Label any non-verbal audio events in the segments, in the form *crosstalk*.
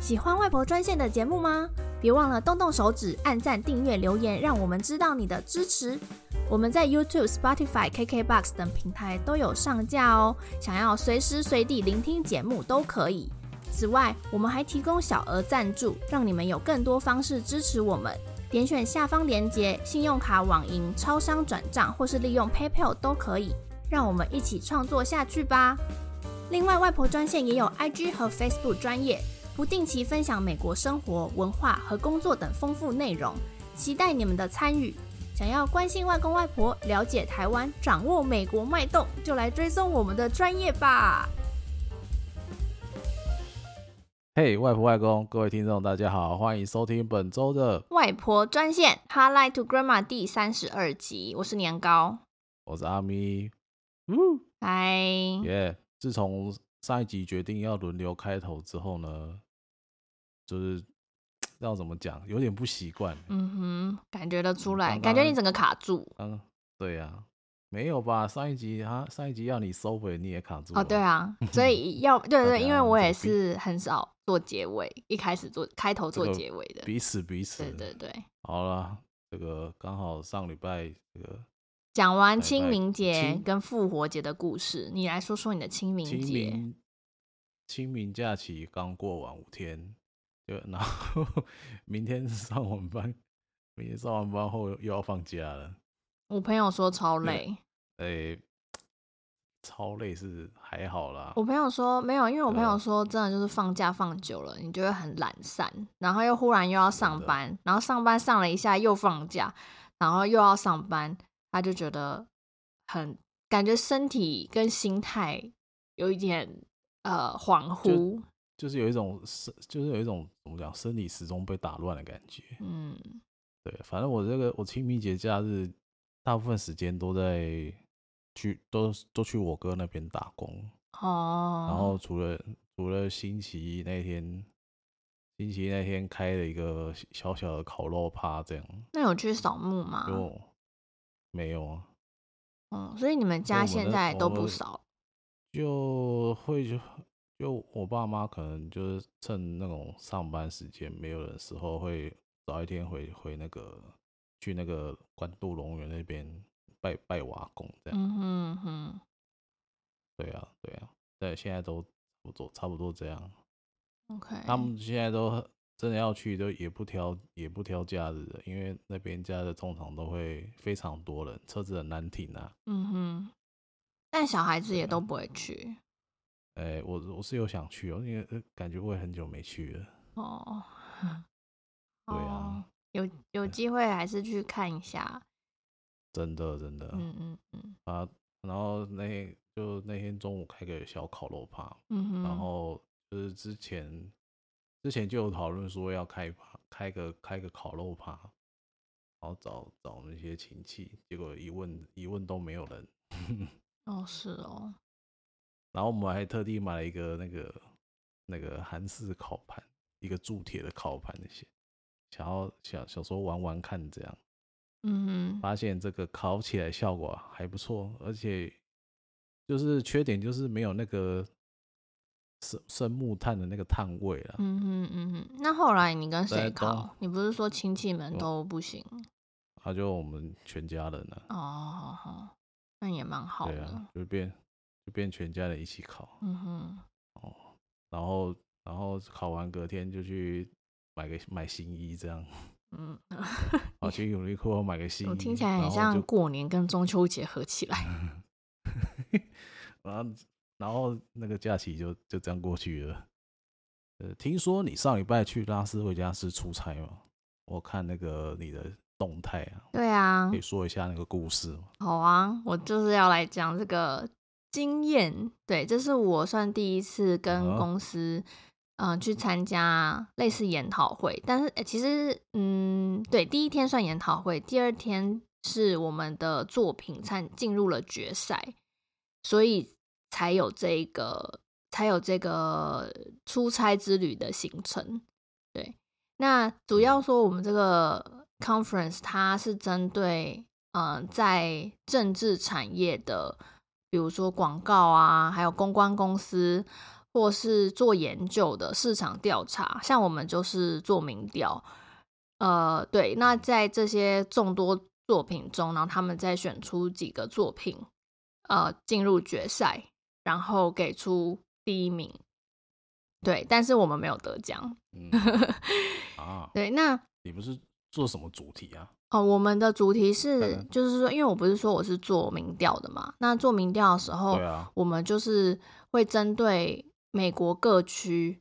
喜歡外婆專線的節目嗎？別忘了動動手指，按讚、訂閱、留言，讓我們知道你的支持。我們在 YouTube、Spotify、KKBox 等平台都有上架哦，想要隨時隨地聆聽節目都可以。此外，我們還提供小額贊助，讓你們有更多方式支持我們。點選下方鏈接，信用卡、網銀、超商轉賬或是利用 PayPal 都可以。讓我們一起創作下去吧！另外，外婆專線也有 IG 和 Facebook 專業。不定期分享美國生活、文化和工作等豐富內容，期待你們的參與。想要關心外公外婆、了解台灣、掌握美國脈動，就來追蹤我們的專業吧。嘿，hey, 外婆、外公，各位聽眾，大家好，歡迎收聽本周的外婆專線《Hotline to Grandma》第三十二集。我是年糕，我是阿咪，嗯，嗨耶。自從上一集決定要輪流開頭之後呢，就是要怎麼講，有點不習慣。嗯哼，感覺得出來，剛剛感覺你整個卡住。嗯，對呀、啊，沒有吧？上一集啊，上一集要你收回，你也卡住。哦，對啊，所以要對，對對， *laughs* 對啊、因為我也是很少做結尾，一開始做開頭做結尾的，彼此彼此。對對對，好了，這個剛好上禮拜這個。講完清明節跟復活節的故事。哎哎、你來說說你的清明節。清明，清明假期剛過完五天，然後呵呵明天上完班，明天上完班後又，又要放假了。我朋友說超累，哎，超累是還好啦。我朋友說沒有，因為我朋友說真的就是放假放久了，你就會很懶散，然後又忽然又要上班，真的。然後上班上了一下又放假，然後又要上班。他就覺得很感覺身體跟心態有一點呃恍惚，就，就是有一種就是有一種怎麼講，身體始終被打亂的感覺。嗯，對，反正我這個我清明節假日大部分時間都在去都都去我哥那邊打工哦，然後除了除了星期一那天，星期一那天開了一個小小的烤肉趴，這樣。那有去掃墓嗎？有。沒有啊，嗯，所以你們家現在都不少，就會就就我爸媽可能就是趁那種上班時間沒有人時候，會早一天回回那個去那個關渡龍園那邊拜拜我阿公這樣嗯哼哼，嗯嗯嗯，對啊對啊對，現在都差不多差不多這樣，OK，、嗯、哼他們現在都。真的要去就也不挑也不挑假日的，因為那邊假日通常都會非常多人，車子很難停啊。嗯哼，但小孩子也都不會去。哎、啊，我、欸、我是有想去哦、喔，因為感覺我也很久沒去了。哦，對啊，哦、有有機會還是去看一下。真的真的，真的嗯嗯嗯。啊，然後那天就那天中午開個小烤肉趴，嗯哼，然後就是之前。之前就有討論說要開趴，開個開個烤肉趴，然後找找那些親戚，結果一問一問都沒有人。 *laughs* 哦，是哦。然後我們還特地買了一個那個那個韓式烤盤，一個鑄鐵的烤盤那些，想要想小時候玩玩看這樣。嗯哼。發現這個烤起來效果還不錯，而且就是缺點就是沒有那個。生生木炭的那個炭味啦。嗯哼嗯嗯嗯，那後來你跟誰烤？你不是說親戚們都不行？他、啊、就我們全家人了哦。哦好好，那也蠻好的。對啊，就變就變全家人一起烤。嗯哼。哦，然後然後烤完隔天就去買個買新衣這樣。嗯。啊， *laughs* 去優衣庫買個新衣。我聽起來很像過年跟中秋節合起來然後。啊。 *laughs* 然後那個假期就就這樣過去了、呃。聽說你上禮拜去拉斯維加斯出差嘛？我看那個你的動態啊。對啊，你說一下那個故事。好啊，我就是要來講這個經驗。對，這是我算第一次跟公司，嗯、呃，去參加類似研討會。但是、欸、其實，嗯，對，第一天算研討會，第二天是我們的作品參進入了決賽，所以。才有這個，才有這個出差之旅的行程。對，那主要說我們這個 conference 它是針對，嗯、呃，在政治產業的，比如說廣告啊，還有公關公司，或是做研究的市場調查，像我們就是做民調。呃，對，那在這些眾多作品中，然後他們再選出幾個作品，呃，進入決賽。然後給出第一名，對，但是我們沒有得獎。嗯、啊， *laughs* 對，那你不是做什麼主題啊？哦，我們的主題是，等等就是說，因為我不是說我是做民調的嘛。那做民調的時候，啊、我們就是會針對美國各區，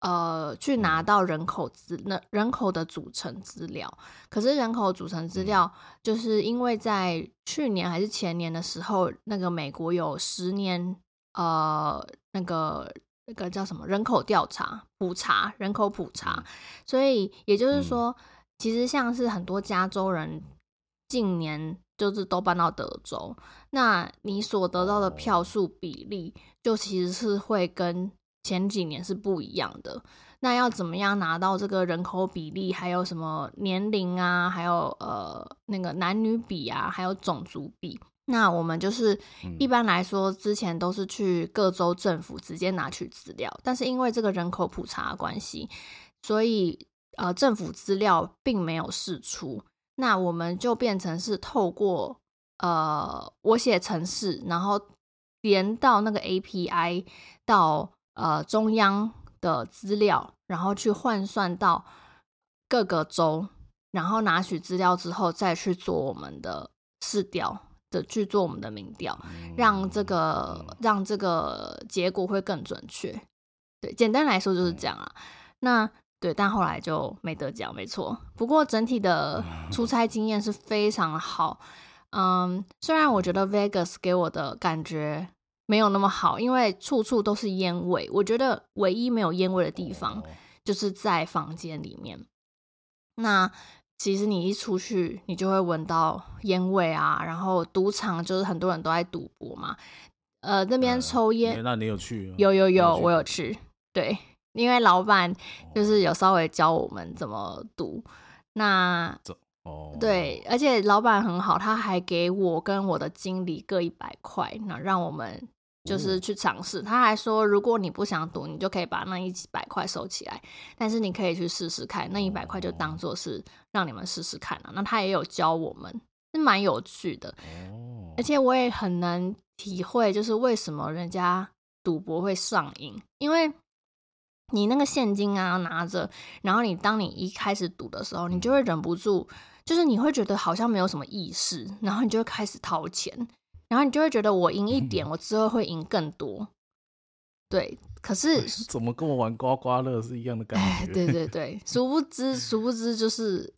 呃，去拿到人口資、那、嗯、人口的組成資料。可是人口組成資料，嗯、就是因為在去年還是前年的時候，那個美國有十年。呃，那個那個叫什麼人口調查，普查，人口普查，所以也就是說，嗯、其實像是很多加州人近年就是都搬到德州，那你所得到的票數比例就其實是會跟前幾年是不一樣的。那要怎麼樣拿到這個人口比例，還有什麼年齡啊，還有呃那個男女比啊，還有種族比？那我們就是一般來說，之前都是去各州政府直接拿取資料，但是因為這個人口普查關係，所以呃，政府資料並沒有釋出。那我們就變成是透過呃，我寫程式，然後連到那個 API 到呃中央的資料，然後去換算到各個州，然後拿取資料之後，再去做我們的試調。的去做我們的民調，讓這個讓這個結果會更準確。對，簡單來說就是這樣啊。那對，但後來就沒得獎，沒錯。不過整體的出差經驗是非常好。嗯，雖然我覺得 Vegas 給我的感覺沒有那麼好，因為處處都是煙味。我覺得唯一沒有煙味的地方就是在房間裡面。那。其實你一出去，你就會聞到煙味啊。然後賭場就是很多人都在賭博嘛。呃，那邊抽菸、嗯，那你有去？有有有，我有去。對，因為老闆就是有稍微教我們怎麼賭。哦那哦，對，而且老闆很好，他還給我跟我的經理各一百塊，那讓我們。就是去嘗試，他還說，如果你不想賭，你就可以把那一百塊收起來，但是你可以去試試看，那一百塊就當做是讓你們試試看了。啊、那他也有教我們，是蠻有趣的，而且我也很能體會，就是為什麼人家賭博會上癮，因為你那個現金啊拿着，然後你當你一開始賭的時候，你就會忍不住，就是你會覺得好像沒有什麼意思，然後你就開始掏錢。然後你就會覺得我贏一點，嗯、我之後會贏更多。對，可是怎麼跟我玩刮刮樂是一樣的感覺？唉，對對對，殊不知殊不知就是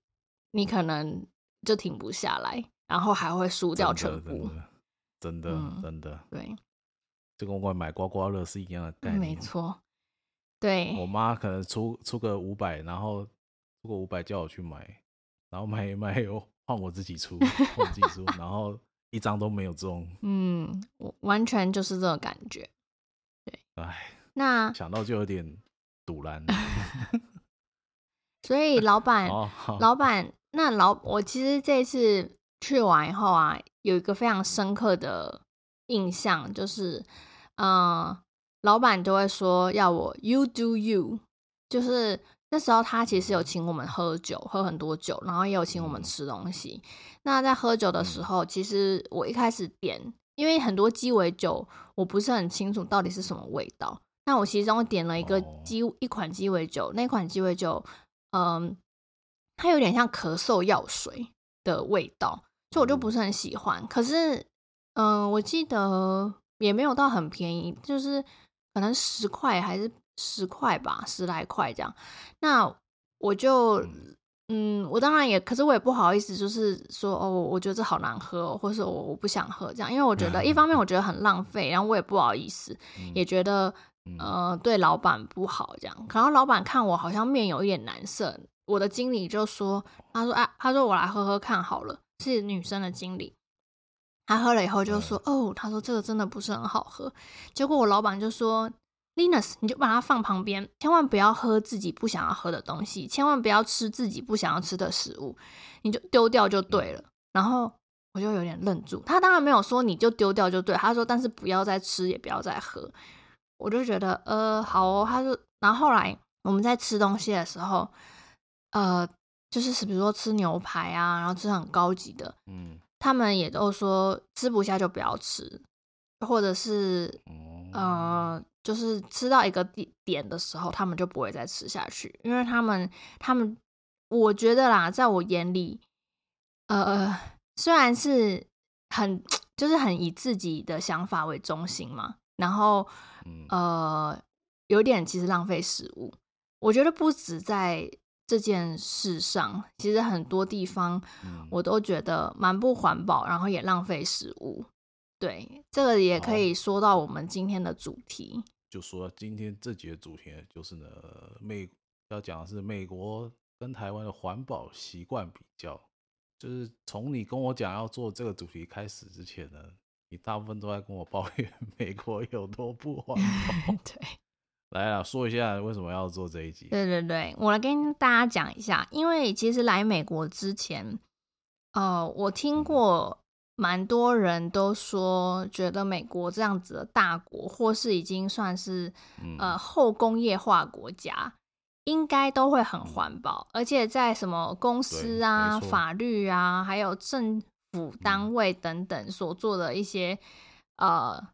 你可能就停不下來， *laughs* 然後還會輸掉全部。真的真的，對，就跟我買刮刮樂是一樣的概念。嗯、沒錯，對我媽可能出出個五百，然後出個五百叫我去買，然後買一買又換我自己出，我自己出， *laughs* 然後。一張都沒有中，嗯，我完全就是這個感覺，對，哎唉，那想到就有點賭爛了。 *laughs* 所以老闆， *laughs* 好老闆，那老我其實這次去完以後啊，有一個非常深刻的印象，就是，嗯、呃，老闆就會說要我，you do you，就是。那時候他其實有請我們喝酒，喝很多酒，然後也有請我們吃東西。那在喝酒的時候，其實我一開始點，因為很多雞尾酒我不是很清楚到底是什麼味道。那我其中點了一個雞一款雞尾酒，那款雞尾酒，嗯，它有點像咳嗽藥水的味道，就我就不是很喜歡。可是，嗯，我記得也沒有到很便宜，就是可能十塊還是。十塊吧，十來塊這樣。那我就，嗯，我當然也，可是我也不好意思，就是說，哦，我覺得這好難喝、哦，或者我我不想喝這樣，因為我覺得一方面我覺得很浪費，然後我也不好意思，也覺得，呃，對老闆不好這樣。然後老闆看我好像面有一點難色，我的經理就說，他說，啊、哎，他說我來喝喝看好了，是女生的經理，她喝了以後就說，哦，她說這個真的不是很好喝。結果我老闆就說。Linus，你就把它放旁邊，千萬不要喝自己不想要喝的東西，千萬不要吃自己不想要吃的食物，你就丟掉就對了。然後我就有點愣住，他當然沒有說你就丟掉就對，他說但是不要再吃，也不要再喝。我就覺得呃好哦，他說然後後來我們在吃東西的時候，呃，就是比如說吃牛排啊，然後吃很高級的，嗯，他們也都說吃不下就不要吃，或者是呃。就是吃到一個點的時候，他們就不會再吃下去，因為他們，他們，我覺得啦，在我眼裡，呃，雖然是很，就是很以自己的想法為中心嘛，然後，呃，有點其實浪費食物。我覺得不止在這件事上，其實很多地方，我都覺得蠻不環保，然後也浪費食物。對，這個也可以說到我們今天的主題。就說今天這節主題就是呢，美要講的是美國跟台灣的環保習慣比較。就是從你跟我講要做這個主題開始之前呢，你大部分都在跟我抱怨美國有多不環保。 *laughs* 對，來了，說一下為什麼要做這一集。對對對，我來跟大家講一下，因為其實來美國之前，呃，我聽過。嗯蠻多人都說，覺得美國這樣子的大國，或是已經算是呃後工業化國家，應該都會很環保，而且在什麼公司啊、法律啊，還有政府單位等等所做的一些呃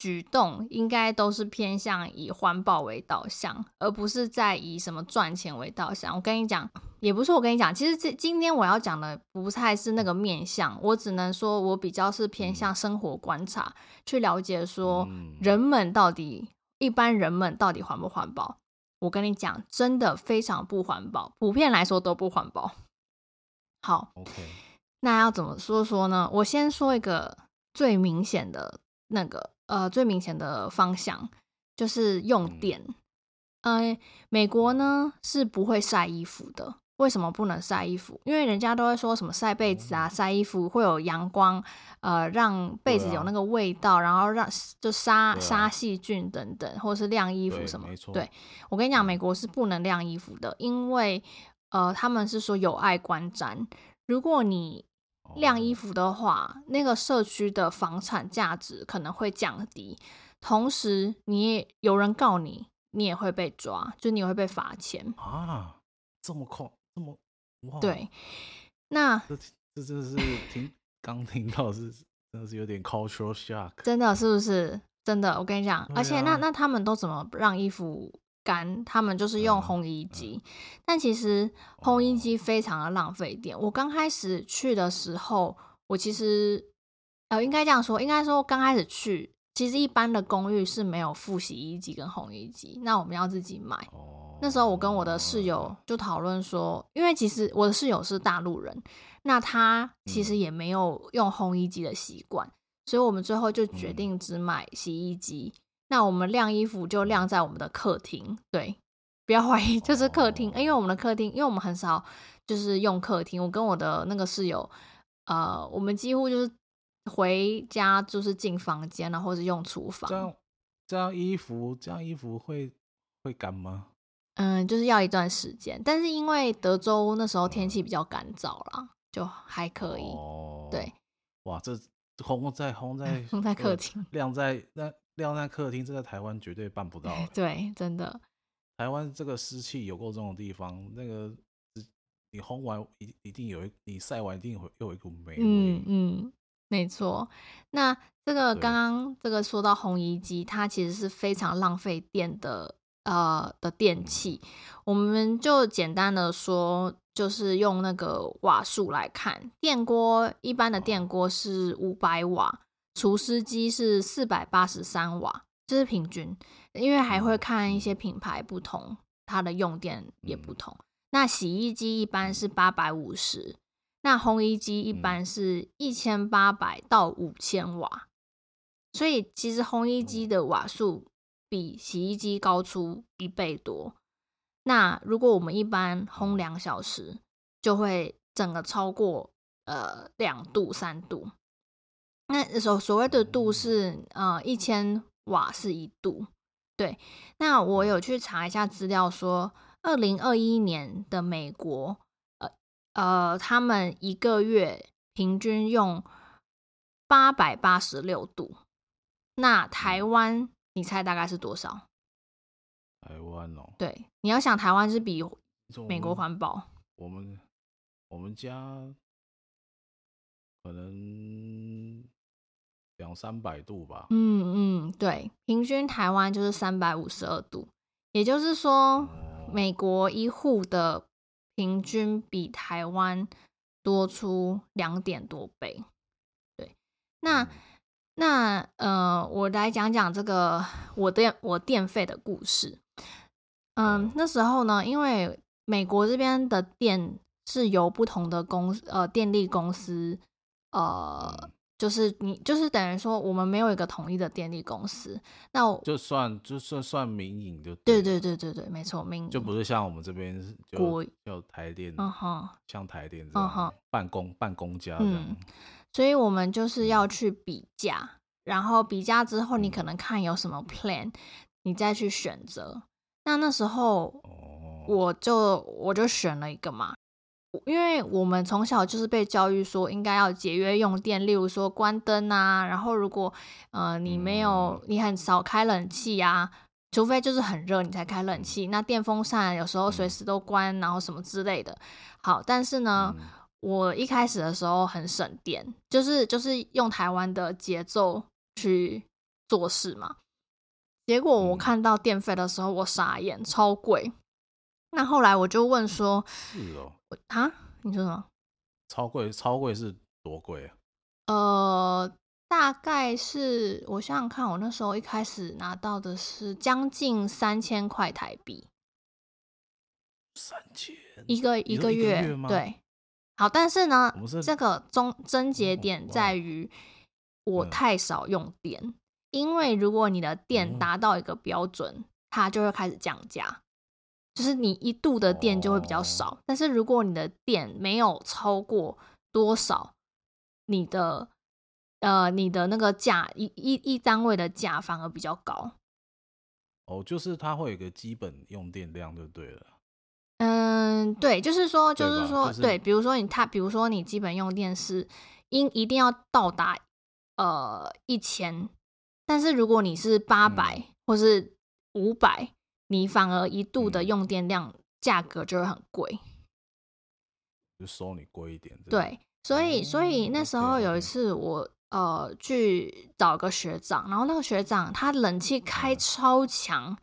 舉動，應該都是偏向以環保為導向，而不是在以什麼賺錢為導向。我跟你講。也不是，我跟你講，其實這今天我要講的不太是那個面向，我只能說，我比較是偏向生活觀察、嗯、去了解，說人們到底一般人們到底環不環保？我跟你講，真的非常不環保，普遍來說都不環保。好，OK，那要怎麼說說呢？我先說一個最明顯的那個呃最明顯的方向就是用電，嗯、呃，美國呢是不會曬衣服的。為什麼不能曬衣服？因為人家都會說什麼曬被子啊、曬、嗯、衣服會有陽光，呃，讓被子有那個味道，啊、然後讓就殺殺細菌等等，或是晾衣服什麼。對，沒錯。對，我跟你講，美國是不能晾衣服的，因為呃，他們是說有礙觀瞻。如果你晾衣服的話，哦、那個社區的房產價值可能會降低，同時你有人告你，你也會被抓，就你也會被罰錢啊，這麼恐。麼，對，那這這真的是聽剛聽到是 *laughs* 真的是有點 cultural shock，真的是不是？真的，我跟你講，啊、而且那、欸、那他們都怎麼讓衣服乾？他們就是用烘衣機，嗯嗯、但其實烘衣機非常的浪費電。哦、我剛開始去的時候，我其實呃，應該這樣說，應該說剛開始去。其實一般的公寓是沒有附洗衣機跟烘衣機，那我們要自己買。那時候我跟我的室友就討論說，因為其實我的室友是大陸人，那他其實也沒有用烘衣機的習慣，所以我們最後就決定只買洗衣機。那我們晾衣服就晾在我們的客廳，對，不要懷疑就是客廳，因為我們的客廳，因為我們很少就是用客廳。我跟我的那個室友，呃，我們幾乎就是。回家就是進房間啊，或是用廚房。這樣這樣衣服這樣衣服會會乾嗎？嗯，就是要一段時間，但是因為德州那時候天氣比較乾燥啦，嗯、就還可以。哦、對，哇，這烘在烘在烘、嗯、在客廳晾在那晾在客廳，這在台灣絕對辦不到、欸。 *laughs* 對，真的。台灣這個濕氣有夠重的地方，那個你烘完一一定有一，你曬完一定會有一股霉味。嗯嗯。嗯沒錯，那這個剛剛這個說到烘衣機，對它其實是非常浪費電的，呃的電器。我們就簡單的說，就是用那個瓦數來看，電鍋一般的電鍋是五百瓦，除濕機是四百八十三瓦，這、就是平均，因為還會看一些品牌不同，它的用電也不同。嗯、那洗衣機一般是八百五十。那烘衣機一般是一千八百到五千瓦，所以其實烘衣機的瓦數比洗衣機高出一倍多。那如果我們一般烘兩小時，就會整個超過呃兩度三度。那所所謂的度是呃一千瓦是一度，對。那我有去查一下資料說，說二零二一年的美國。呃，他們一個月平均用八百八十六度，那台灣、嗯、你猜大概是多少？台灣哦，對，你要想台灣是比美國環保我。我們我們家可能兩三百度吧。嗯嗯，對，平均台灣就是三百五十二度，也就是說，嗯、美國一戶的。平均比台灣多出兩點多倍，對，那那呃，我來講講這個我的我電費的故事。嗯，呃，那時候呢，因為美國這邊的電是由不同的公司，呃，電力公司，呃。就是你，就是等於說，我們沒有一個統一的電力公司，那我就算就算算民營的，對對對對對，沒錯，民營就不是像我們這邊是國，要台電，嗯哼，像台電這樣，嗯哼，辦公辦公家的，嗯，所以我們就是要去比價，然後比價之後，你可能看有什麼 plan，嗯，你再去選擇。那那時候，我就，哦，我就我就選了一個嘛。因為我們從小就是被教育說應該要節約用電，例如說關燈啊，然後如果呃你沒有你很少開冷氣啊，除非就是很熱你才開冷氣。那電風扇有時候隨時都關，然後什麼之類的。好，但是呢，我一開始的時候很省電，就是就是用台灣的節奏去做事嘛。結果我看到電費的時候，我傻眼，超貴。那後來我就問說：“是哦，啊，你說什麼？超貴，超貴是多貴啊？呃，大概是我想想看，我那時候一開始拿到的是將近三千塊台幣，三千？一個，一個月嗎？對，好，但是呢，是這個癥結點在於我太少用電，嗯、因為如果你的電達到一個標準，嗯、它就會開始降價。”就是你一度的電就會比較少，哦、但是如果你的電沒有超過多少，你的呃你的那個價一一一單位的價反而比較高。哦，就是它會有一個基本用電量，就對了。嗯，對，就是說，就是說，對，比如說你它，比如說你基本用電是應一定要到達呃一千，1, 000, 但是如果你是八百、嗯、或是五百。你反而一度的用電量價格就會很貴，嗯，就收你貴一點是不是？對，所以所以那時候有一次我呃去找個學長，然後那個學長他冷氣開超強，嗯、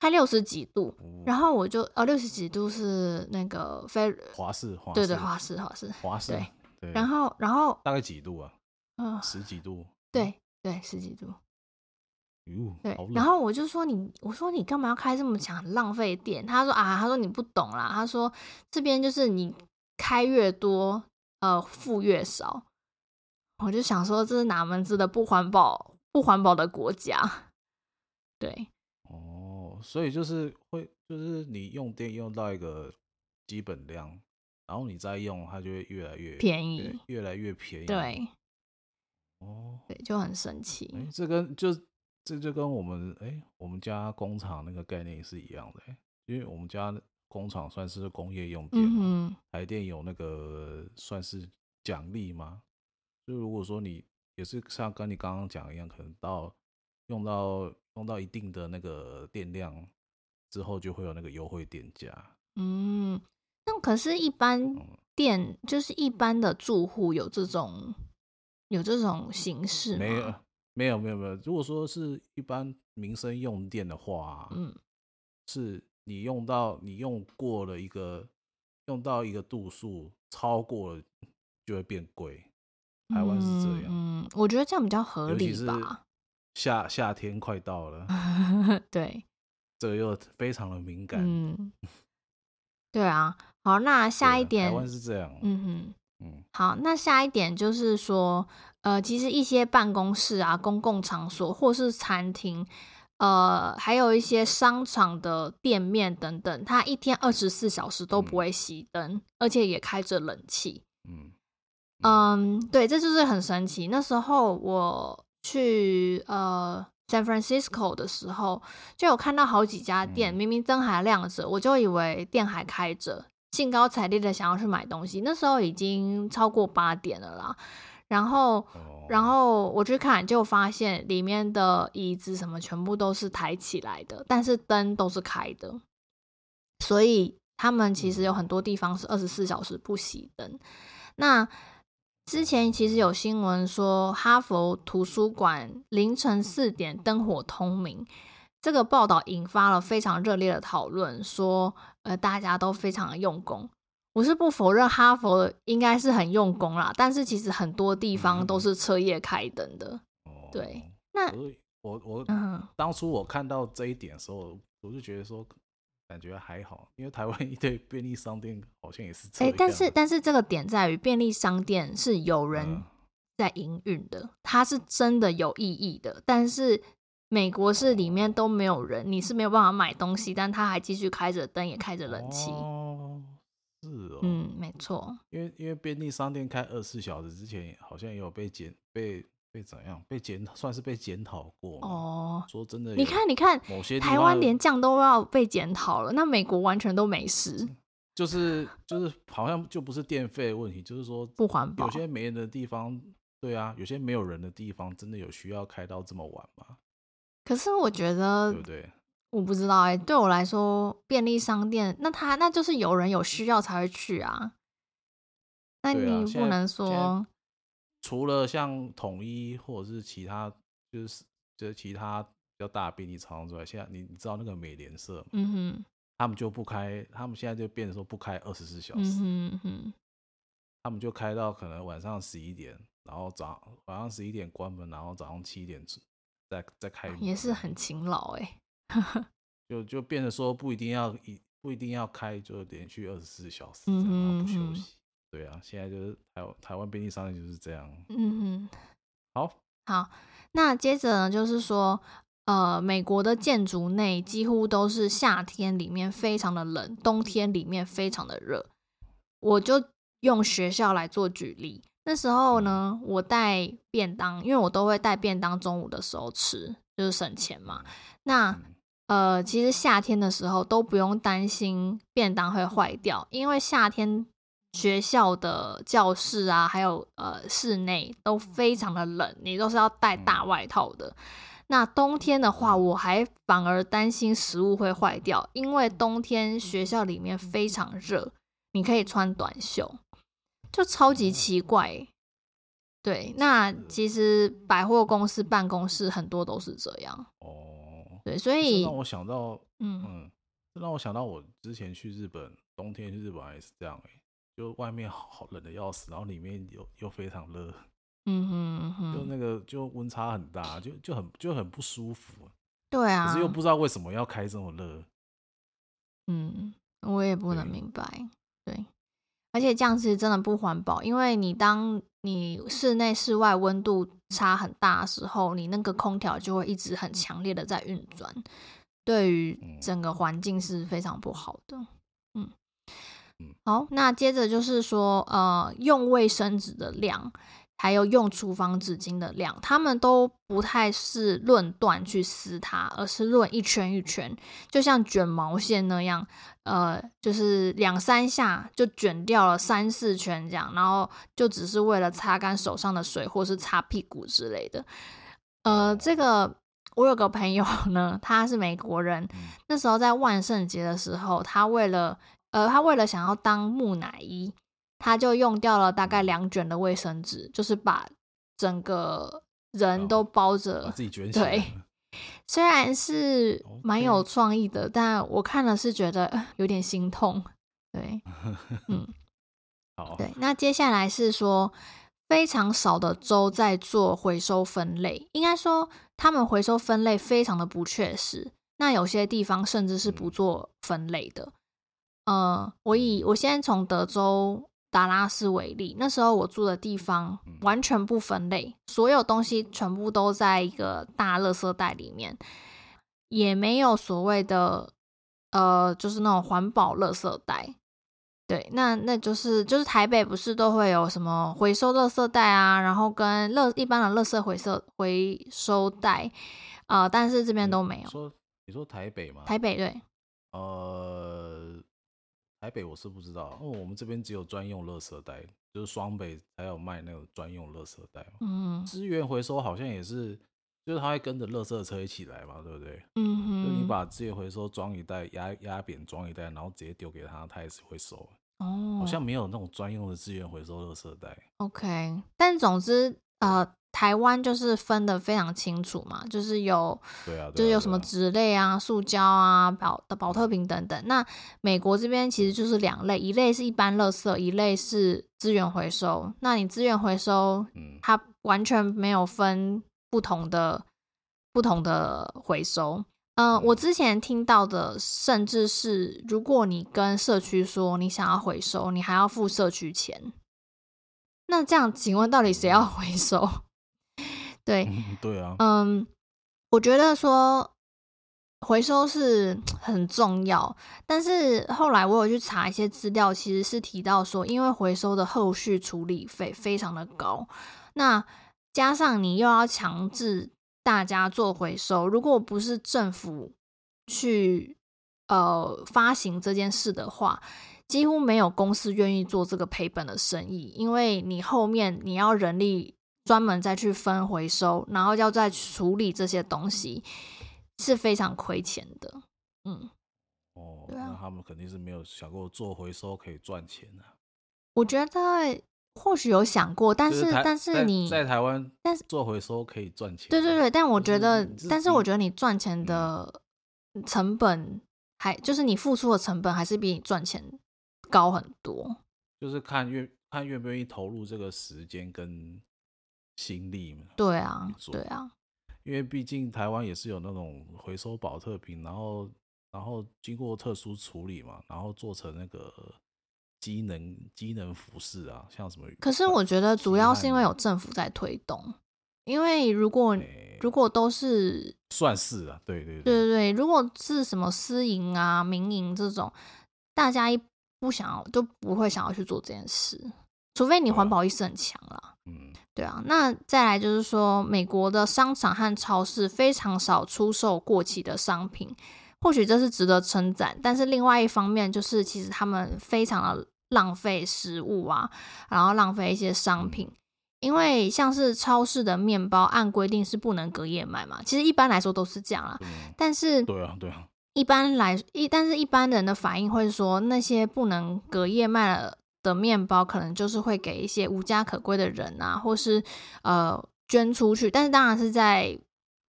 開六十幾度，嗯、然後我就呃六十幾度是那個飛華氏，對對華氏華氏華氏對，然後然後大概幾度啊？嗯、呃，十幾度。對對十幾度。呦對，冷然後我就說你，我說你幹嘛要開這麼強，浪費電？他說啊，他說你不懂啦，他說這邊就是你開越多，呃，付越少。我就想說，這是哪門子的不環保，不環保的國家？對，哦，所以就是會，就是你用電用到一個基本量，然後你再用，它就會越來越便宜越，越來越便宜。對，哦，對，就很神奇。欸、這跟、個、就。這就跟我們哎、欸，我們家工廠那個概念是一樣的、欸，因為我們家工廠算是工業用電、嗯、哼台電有那個算是獎勵嘛，就如果說你也是像跟你剛剛講一樣，可能到用到用到一定的那個電量之後，就會有那個優惠電價。嗯，那可是，一般電、嗯、就是一般的住戶有這種有這種形式沒有。沒有沒有沒有，如果說是一般民生用電的話，嗯，是你用到你用過了一個用到一個度數超過了就會變貴，台灣是這樣。嗯，嗯，我覺得這樣比較合理吧，尤其是夏夏天快到了，呵呵對，這個又非常的敏感，嗯，對啊，好，那下一點 *laughs* 台灣是這樣，嗯哼，嗯，好，那下一點就是說。呃，其實一些辦公室啊、公共場所或是餐廳，呃，還有一些商場的店面等等，它一天二十四小時都不會熄燈，嗯、而且也開着冷氣。嗯嗯，對，這就是很神奇。那時候我去呃 San Francisco 的時候，就有看到好幾家店明明燈還亮着，我就以為店還開着，興高采烈的想要去買東西。那時候已經超過八點了啦。然後，然後我去看，就發現裡面的椅子什麼全部都是抬起來的，但是燈都是開的。所以他們其實有很多地方是二十四小時不熄燈。那之前其實有新聞說哈佛圖書館凌晨四點燈火通明，這個報道引發了非常熱烈的討論，說呃大家都非常的用功。不是，不否認哈佛應該是很用功啦，但是其實很多地方都是徹夜開燈的。嗯、對，哦、那我我嗯，當初我看到這一點的時候，我就覺得說感覺還好，因為台灣一堆便利商店好像也是這樣。哎、欸，但是但是這個點在於便利商店是有人在營運的，嗯、它是真的有意義的。但是美國是裡面都沒有人，哦、你是沒有辦法買東西，但他還繼續開着燈，也開着冷氣。哦是哦，嗯，沒錯，因為因為便利商店開二十四小時之前，好像也有被檢被被怎樣，被檢算是被檢討過哦。說真的你，你看你看，台灣連醬都要被檢討了，那美國完全都沒事。就是就是，就是，好像就不是電費的問題，就是說不環保。有些沒人的地方，對啊，有些沒有人的地方，真的有需要開到這麼晚嗎？可是我覺得，對不對？我不知道哎、欸，對我來說，便利商店那他那就是有人有需要才會去啊。那你、啊、不能說，除了像統一或者是其他、就是，就是就是其他比較大的便利場所之外，現在你你知道那個美聯社，嗯哼，他們就不開，他們現在就變成說不開二十四小時，嗯哼，嗯哼，他們就開到可能晚上十一點，然後早晚上十一點關門，然後早上七點再再開門，也是很勤勞哎、欸。 *laughs* 就就變得說不一定要一不一定要開，就連續二十四小時嗯嗯嗯不休息。對啊，現在就是台灣台灣便利商店就是這樣。嗯嗯，好好，那接着呢，就是說，呃，美國的建築內幾乎都是夏天裡面非常的冷，冬天裡面非常的熱。我就用學校來做舉例，那時候呢，嗯、我帶便當，因為我都會帶便當，中午的時候吃，就是省錢嘛。那、嗯呃，其實夏天的時候都不用擔心便當會壞掉，因為夏天學校的教室啊，還有呃室內都非常的冷，你都是要戴大外套的。那冬天的話，我還反而擔心食物會壞掉，因為冬天學校裡面非常熱，你可以穿短袖，就超級奇怪欸。對，那其實百貨公司辦公室很多都是這樣。對，所以讓我想到，嗯嗯，嗯，讓我想到我之前去日本，冬天去日本也是這樣，欸，哎，就外面好冷的要死，然後裡面有又，又非常熱，嗯哼嗯哼，就那個就溫差很大，就就很就很不舒服。對啊，可是又不知道為什麼要開這麼熱？嗯，我也不能明白，對。對而且這樣其實真的不環保，因為你當你室內室外溫度差很大的時候，你那個空調就會一直很強烈的在運轉，對於整個環境是非常不好的。嗯，嗯，好，那接着就是說，呃，用衛生紙的量。還有用廚房紙巾的量，他們都不太是論段去撕它，而是論一圈一圈，就像捲毛線那樣，呃，就是兩三下就捲掉了三四圈這樣，然後就只是為了擦乾手上的水，或是擦屁股之類的。呃，這個我有個朋友呢，他是美國人，那時候在萬聖節的時候，他為了，呃，他為了想要當木乃伊。他就用掉了大概兩卷的衛生紙，就是把整個人都包着、oh, 對自己卷起來。對，雖然是蠻有創意的，Okay. 但我看了是覺得有點心痛。對，嗯， *laughs* 好。對，那接下來是說非常少的州在做回收分類，應該說他們回收分類非常的不確實。那有些地方甚至是不做分類的。嗯、呃，我以我先從德州。達拉斯為例，那時候我住的地方完全不分類，所有東西全部都在一個大垃圾袋裡面，也沒有所謂的呃，就是那種環保垃圾袋。對，那那就是就是台北不是都會有什麼回收垃圾袋啊，然後跟一般的垃圾回收回收袋啊、呃，但是這邊都沒有。欸、說你說台北嗎？台北對。呃。台北我是不知道，因、哦、為我們這邊只有專用垃圾袋，就是雙北還有賣那種專用垃圾袋嘛。嗯，資源回收好像也是，就是他會跟着垃圾車一起來嘛，對不對？嗯哼，你把資源回收裝一袋，壓壓扁裝一袋，然後直接丟給他，他也是會收。哦，好像沒有那種專用的資源回收垃圾袋。OK，但總之呃。台灣就是分得非常清楚嘛，就是有，啊、就是有什麼紙類啊、啊塑膠啊、保的保特瓶，等等。那美國這邊其實就是兩類，嗯、一類是一般垃圾，一類是資源回收。那你資源回收，嗯、它完全沒有分不同的不同的回收。呃、嗯，我之前聽到的，甚至是如果你跟社區說你想要回收，你還要付社區錢。那這樣，請問到底誰要回收？對、嗯、對啊，嗯，我覺得說回收是很重要，但是後來我有去查一些資料，其實是提到說，因為回收的後續處理費非常的高，那加上你又要強制大家做回收，如果不是政府去呃發行這件事的話，幾乎沒有公司願意做這個賠本的生意，因為你後面你要人力。專門再去分回收，然後要再處理這些東西，是非常虧錢的。嗯，哦，啊、那他們肯定是沒有想過做回收可以賺錢的、啊。我覺得或許有想過，但是，是但是你在，在台灣，但是做回收可以賺錢。對對對，但我覺得，是但是我覺得你賺錢的成本還，還、嗯、就是你付出的成本，還是比你賺錢高很多。就是看願看願不願意投入這個時間跟。心力嘛，對啊，對啊，因為畢竟台灣也是有那種回收寶特瓶，然後然後經過特殊處理嘛，然後做成那個機能機能服飾啊，像什麼。可是我覺得主要是因為有政府在推動，案因為如果、欸、如果都是算是啊，對對對，對對對，如果是什麼私營啊、民營這種，大家一不想要都不會想要去做這件事。除非你環保意識很強了，嗯，對啊，那再來就是說，美國的商場和超市非常少出售過期的商品，或許這是值得稱讚。但是另外一方面就是，其實他們非常的浪費食物啊，然後浪費一些商品，因爲像是超市的麵包，按規定是不能隔夜賣嘛，其實一般來說都是這樣啦。但是對啊，對啊，一般來一，但是一般人的反應會說那些不能隔夜賣了。的麵包可能就是會給一些無家可歸的人啊，或是呃捐出去，但是當然是在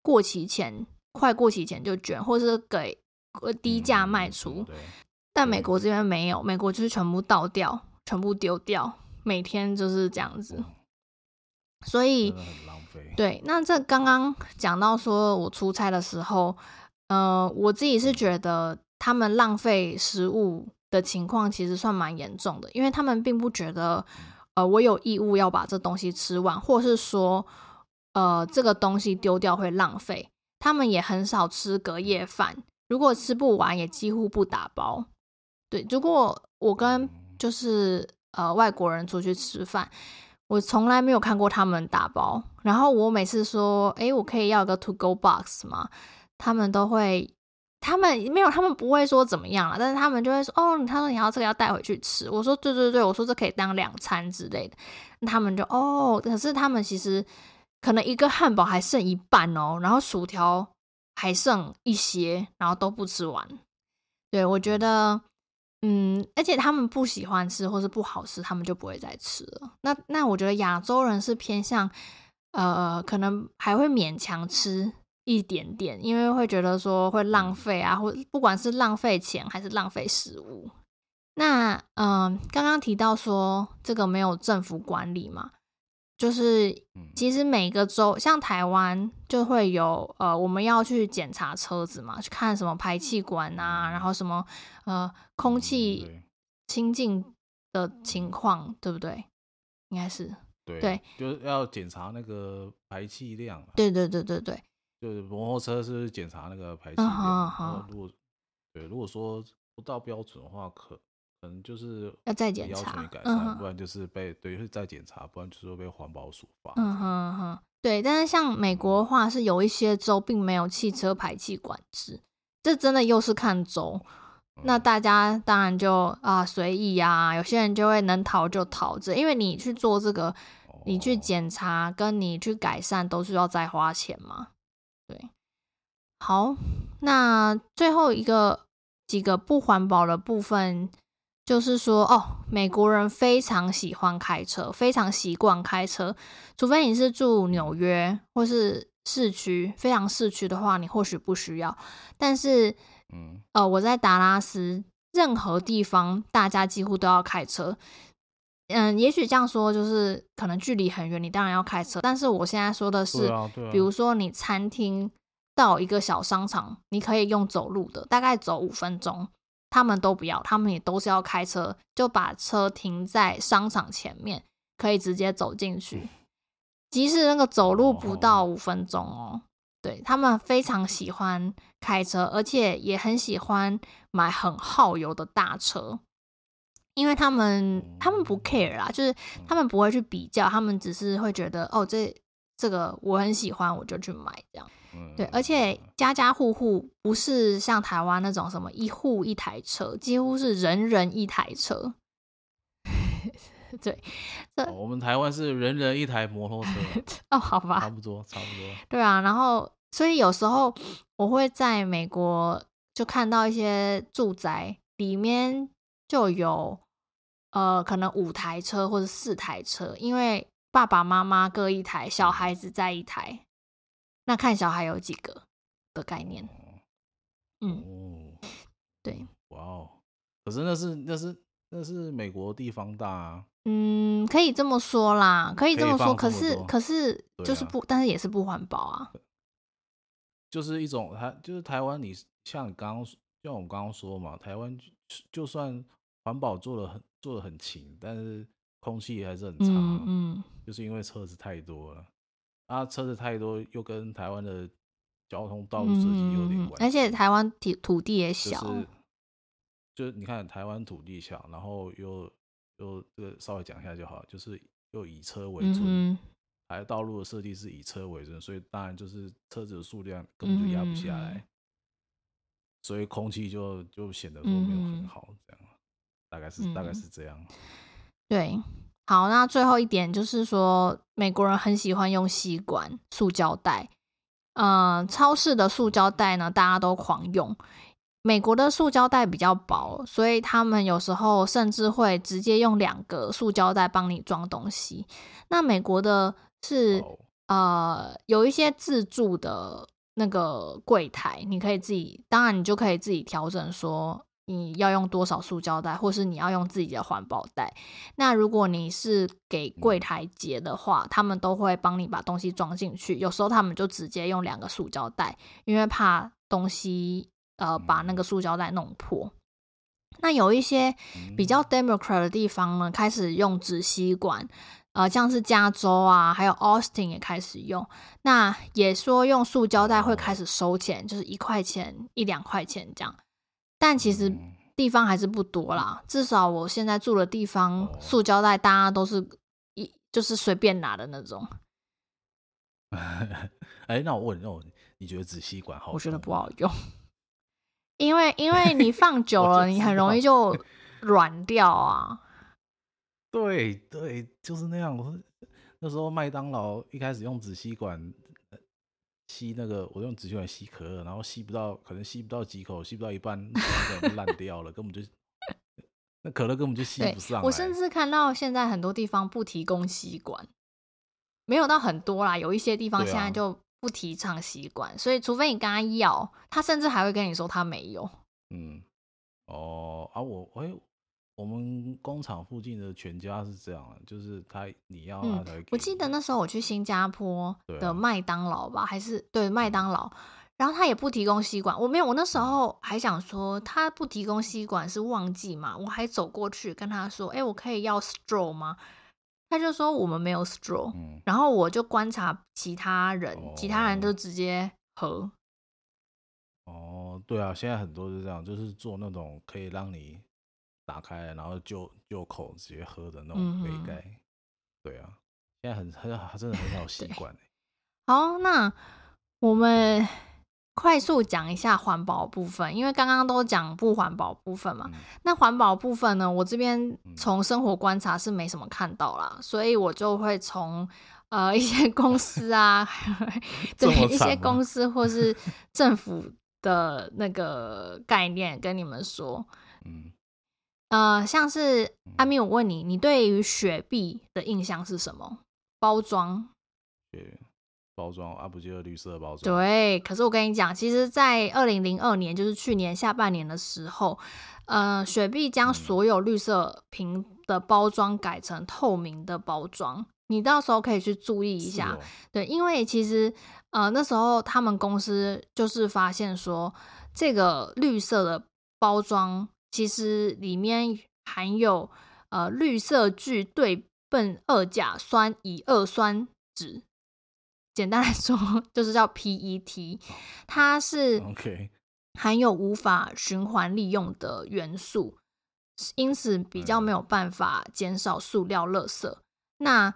過期前，快過期前就捐，或者是給低價賣出。嗯，但美國這邊沒有，美國就是全部倒掉，全部丟掉，每天就是這樣子。所以對，那這剛剛講到說我出差的時候，呃，我自己是覺得他們浪費食物。的情況其實算蠻嚴重的，因為他們並不覺得，呃，我有義務要把這東西吃完，或是說，呃，這個東西丟掉會浪費。他們也很少吃隔夜飯，如果吃不完也幾乎不打包。對，如果我跟就是呃外國人出去吃飯，我從來沒有看過他們打包。然後我每次說，哎，我可以要一個 to go box 嗎？他們都會。他們沒有，他們不會說怎麼樣了，但是他們就會說哦，他說你要這個要帶回去吃，我說對對對，我說這可以當兩餐之類的，他們就哦，可是他們其實可能一個漢堡還剩一半哦、喔，然後薯條還剩一些，然後都不吃完。對，我覺得嗯，而且他們不喜歡吃或是不好吃，他們就不會再吃了。那那我覺得亞洲人是偏向呃，可能還會勉強吃。一點點，因為會覺得說會浪費啊，或不管是浪費錢還是浪費食物。那嗯，剛剛提到說這個沒有政府管理嘛，就是其實每個州像台灣就會有呃，我們要去檢查車子嘛，去看什麼排氣管啊，然後什麼呃空氣清淨的情況，對不對？應該是對對，對就是要檢查那個排氣量。對對對對對。就是摩托車是檢查那個排氣管，嗯、如果、嗯、好好對，如果說不到標準的話，可能就是要再檢查，改善嗯，不然就是被，對，是再檢查，不然就是被環保署罰、嗯。嗯哼哼，嗯嗯、對，但是像美國的話是有一些州並沒有汽車排氣管制，這真的又是看州。嗯、那大家當然就啊隨意啊，有些人就會能逃就逃，這因為你去做這個，嗯、你去檢查跟你去改善都是要再花錢嘛。對，好，那最後一個幾個不環保的部分，就是說，哦，美國人非常喜歡開車，非常習慣開車，除非你是住紐約或是市區，非常市區的話，你或許不需要，但是，嗯，呃，我在達拉斯，任何地方，大家幾乎都要開車。嗯，也許這樣說就是，可能距離很遠，你當然要開車。但是我現在說的是，啊啊、比如說你餐廳到一個小商場，你可以用走路的，大概走五分鐘。他們都不要，他們也都是要開車，就把車停在商場前面，可以直接走進去。嗯、即使那個走路不到五分鐘哦，oh, oh. 對，他們非常喜歡開車，而且也很喜歡買很耗油的大車。因為他們他們不 care 啦，就是他們不會去比較，嗯、他們只是會覺得哦，這這個我很喜歡，我就去買這樣。嗯、對，而且家家戶戶不是像台灣那種什麼一戶一台車，幾乎是人人一台車。 *laughs* 對，哦、這我們台灣是人人一台摩托車。 *laughs* 哦，好吧，差不多，差不多。對啊，然後所以有時候我會在美國就看到一些住宅裡面就有。呃，可能五台車或者四台車，因為爸爸媽媽各一台，小孩子在一台，那看小孩有幾個的概念。哦、嗯，哦、對。哇哦，可是那是那是那是美國地方大啊。嗯，可以這麼說啦，可以這麼說。可，麼可是可是就是不，啊、但是也是不環保啊。就是一種，他就是台灣。你像你剛剛像我剛剛說嘛，台灣就算。環保做的很做的很勤，但是空氣還是很差，嗯，嗯，就是因為車子太多了，啊，車子太多又跟台灣的交通道路設計有點關係，嗯，而且台灣土土地也小，就是就你看台灣土地小，然後又又這個稍微講一下就好，就是又以車為主，還有，嗯嗯、道路的設計是以車為準，所以當然就是車子的數量根本就壓不下來，嗯嗯，所以空氣就就顯得說沒有很好這樣。嗯大概是大概是這樣、嗯，對，好，那最後一點就是說，美國人很喜歡用吸管、塑膠袋，嗯、呃，超市的塑膠袋呢，大家都狂用。美國的塑膠袋比較薄，所以他們有時候甚至會直接用兩個塑膠袋幫你裝東西。那美國的是、哦、呃，有一些自助的那個櫃檯，你可以自己，當然你就可以自己調整說。你要用多少塑膠袋，或是你要用自己的環保袋？那如果你是給櫃檯結的話，他們都會幫你把東西裝進去。有時候他們就直接用兩個塑膠袋，因為怕東西呃把那個塑膠袋弄破。那有一些比較 democrat 的地方呢，開始用紙吸管，呃，像是加州啊，還有 Austin 也開始用。那也說用塑膠袋會開始收錢，就是一塊錢一兩塊錢這樣。但其實地方還是不多啦，嗯、至少我現在住的地方，塑膠袋大家都是，哦、一，就是隨便拿的那種。哎、欸，那我問你，那我你覺得紙吸管好嗎？我覺得不好用，因為因為你放久了， *laughs* 你很容易就軟掉啊。對對，就是那樣。我說那時候麥當勞一開始用紙吸管。吸那個，我用紙吸管吸可樂，然後吸不到，可能吸不到幾口，吸不到一半， *laughs* 爛掉了，根本就，那可樂根本就吸不上。我甚至看到現在很多地方不提供吸管，沒有到很多啦，有一些地方現在就不提倡吸管，啊、所以除非你跟他要，他甚至還會跟你說他沒有。嗯，哦啊，我哎。我們工廠附近的全家是這樣，就是他你要他給你，嗯。我記得那時候我去新加坡的麥當勞吧，啊、還是對麥當勞，嗯、然後他也不提供吸管，我沒有。我那時候還想說他不提供吸管是忘記嘛，我還走過去跟他說：“哎、欸，我可以要 straw 嗎？”他就說：“我們沒有 straw，嗯。”然後我就觀察其他人，哦、其他人就直接喝。哦，對啊，現在很多是這樣，就是做那種可以讓你。打開，然後就就口直接喝的那種杯蓋，嗯嗯，對啊，現在很很真的很少有習慣。好，那我們快速講一下環保部分，因為剛剛都講不環保部分嘛。嗯、那環保部分呢，我這邊從生活觀察是沒什麼看到啦，嗯、所以我就會從呃一些公司啊， *laughs* 對一些公司或是政府的那個概念跟你們說，嗯。呃，像是、嗯、阿米，我問你，你對於雪碧的印象是什麼？包裝？對，包裝啊，不就是綠色的包裝？對，可是我跟你講，其實，在二零零二年，就是去年下半年的時候，呃，雪碧將所有綠色瓶的包裝改成透明的包裝，嗯、你到時候可以去注意一下。哦、對，因為其實呃，那時候他們公司就是發現說，這個綠色的包裝。其實裡面含有呃綠色聚對苯二甲酸乙二酸酯，簡單來說就是叫 PET，它是含有無法循環利用的元素，因此比較沒有辦法減少塑料垃圾。那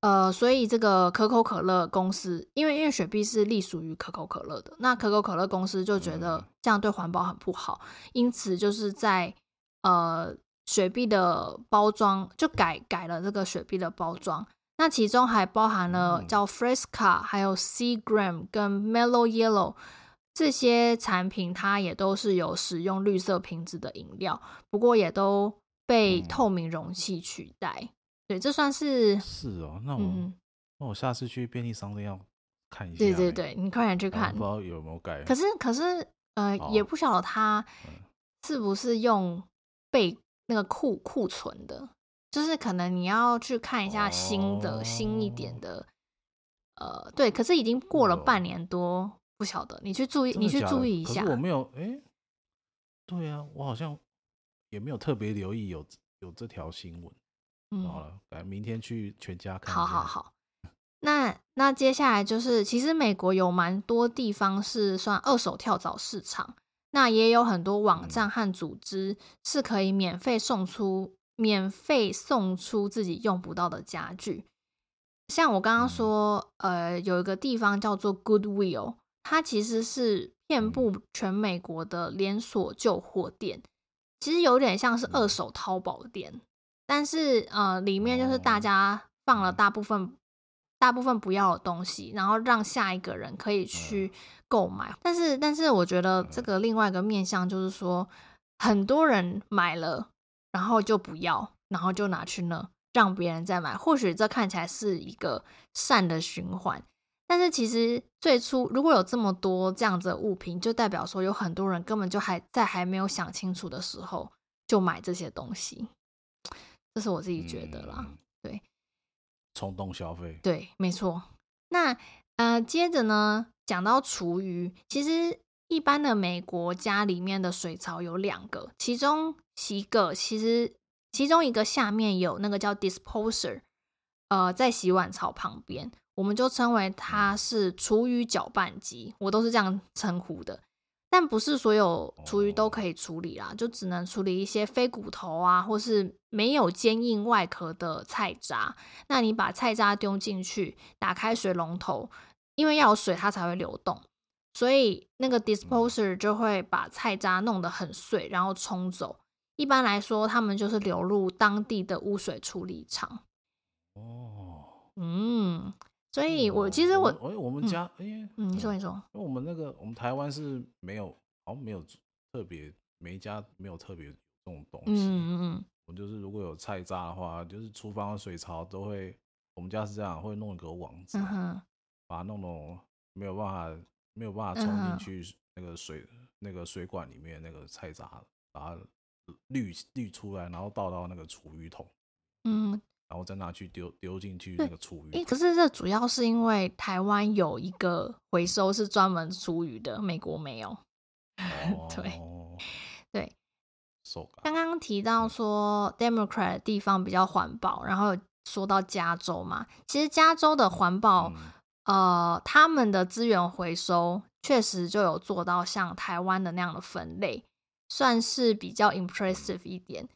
呃，所以這個可口可樂公司，因為因為雪碧是隸屬於可口可樂的，那可口可樂公司就覺得這樣對環保很不好，嗯、因此就是在呃雪碧的包裝就改改了這個雪碧的包裝。那其中還包含了叫 Fresca、嗯、還有 C. Graham 跟 Mellow Yellow 這些產品，它也都是有使用綠色瓶子的飲料，不過也都被透明容器取代。嗯對，這算是是哦。那我、嗯、哼那我下次去便利商店要看一下。對對對，你快點去看，不知道有沒有改。可是可是，呃，哦、也不曉得他是不是用備那個庫庫存的，就是可能你要去看一下新的、哦、新一點的。呃，對，可是已經過了半年多，沒有不曉得你去注意，真的假的，你去注意一下。我沒有，哎、欸，對啊，我好像也沒有特別留意有有這條新聞。嗯，好了，來明天去全家看,看、嗯。好好好，那那接下來就是，其實美國有蠻多地方是算二手跳蚤市場，那也有很多網站和組織是可以免費送出、嗯、免費送出自己用不到的家具。像我剛剛說，嗯、呃，有一個地方叫做 Goodwill，它其實是遍布全美國的連鎖舊貨店，其實有點像是二手淘寶店。嗯但是呃，裡面就是大家放了大部分、Oh. 大部分不要的東西，然後讓下一個人可以去購買。Oh. 但是，但是我覺得這個另外一個面向就是說，很多人買了，然後就不要，然後就拿去那讓別人再買。或許這看起來是一個善的循環，但是其實最初如果有這麼多這樣子的物品，就代表說有很多人根本就還在還沒有想清楚的時候就買這些東西。這是我自己覺得啦，嗯、對，衝動消費，對，沒錯。那呃，接着呢，講到廚餘，其實一般的美國家裡面的水槽有兩個，其中其一個其實其中一個下面有那個叫 disposer，呃，在洗碗槽旁邊，我們就稱為它是廚餘攪拌機，嗯、我都是這樣稱呼的。但不是所有廚餘都可以處理啦，就只能處理一些非骨頭啊，或是沒有堅硬外殼的菜渣。那你把菜渣丟進去，打開水龍頭，因為要有水它才會流動，所以那個 disposer 就會把菜渣弄得很碎，然後沖走。一般來說，他們就是流入當地的污水處理廠。哦，oh. 嗯。所以我，我其實我，哎、欸，我們家，哎、嗯，你說你說，因、嗯、為我們那個，我們台灣是沒有，好、哦、像沒有特別，每一家沒有特別那種東西，嗯。嗯嗯，我們就是如果有菜渣的話，就是廚房的水槽都會，我們家是這樣，會弄一個網子，嗯、哼把它弄種沒有辦法沒有辦法衝進去那個水、嗯、哼那個水管裡面那個菜渣，把它濾濾出來，然後倒到那個廚餘桶。嗯。然後再拿去丟丟進去那個廚餘。哎，可是這主要是因為台灣有一個回收是專門廚餘的，美國沒有。哦、 *laughs* 對，對。So, uh, 剛剛提到說，Democrat 地方比較環保，uh. 然後有說到加州嘛，其實加州的環保，嗯、呃，他們的資源回收確實就有做到像台灣的那樣的分類，算是比較 impressive 一點。嗯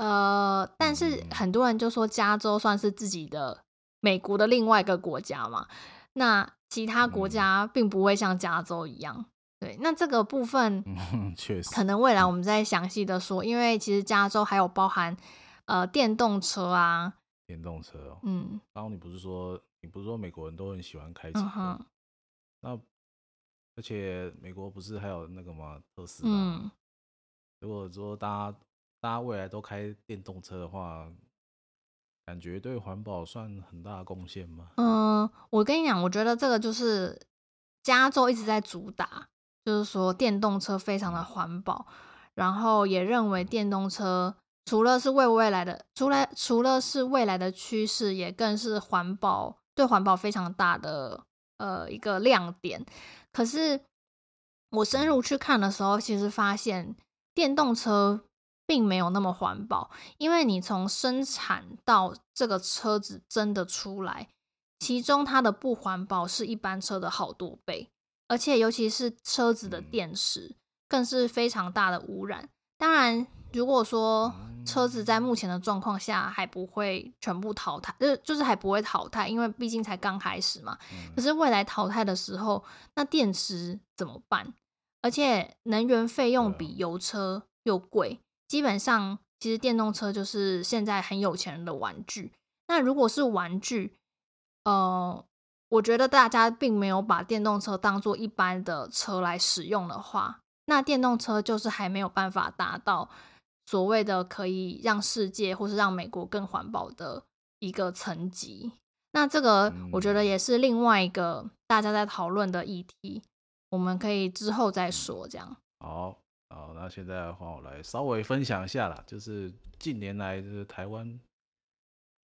呃，但是很多人就說加州算是自己的美國的另外一個國家嘛，那其他國家並不會像加州一樣。嗯、對，那這個部分，嗯，確實，可能未來我們再詳細的說，嗯、因為其實加州還有包含呃電動車啊，電動車哦、喔，嗯，然後你不是說你不是說美國人都很喜歡開車？車、嗯哈，那而且美國不是還有那個嗎特斯拉？嗯、如果說大家。大家未來都開電動車的話，感覺對環保算很大的貢獻嗎？嗯、呃，我跟你講，我覺得這個就是加州一直在主打，就是說電動車非常的環保，然後也認為電動車除了是為未來的，除了除了是未來的趨勢，也更是環保，對環保非常大的，呃一個亮點。可是我深入去看的時候，其實發現電動車。並沒有那麼環保，因為你從生產到這個車子真的出來，其中它的不環保是一般車的好多倍，而且尤其是車子的電池更是非常大的污染。當然，如果說車子在目前的狀況下還不會全部淘汰，就是，就是還不會淘汰，因為畢竟才剛開始嘛。可是未來淘汰的時候，那電池怎麼辦？而且能源費用比油車又貴。基本上，其實電動車就是現在很有錢人的玩具。那如果是玩具，呃，我覺得大家並沒有把電動車當做一般的車來使用的話，那電動車就是還沒有辦法達到所謂的可以讓世界或是讓美國更環保的一個層級。那這個我覺得也是另外一個大家在討論的議題，我們可以之後再說這樣。好。好，那現在換我來稍微分享一下啦，就是近年來，就是台灣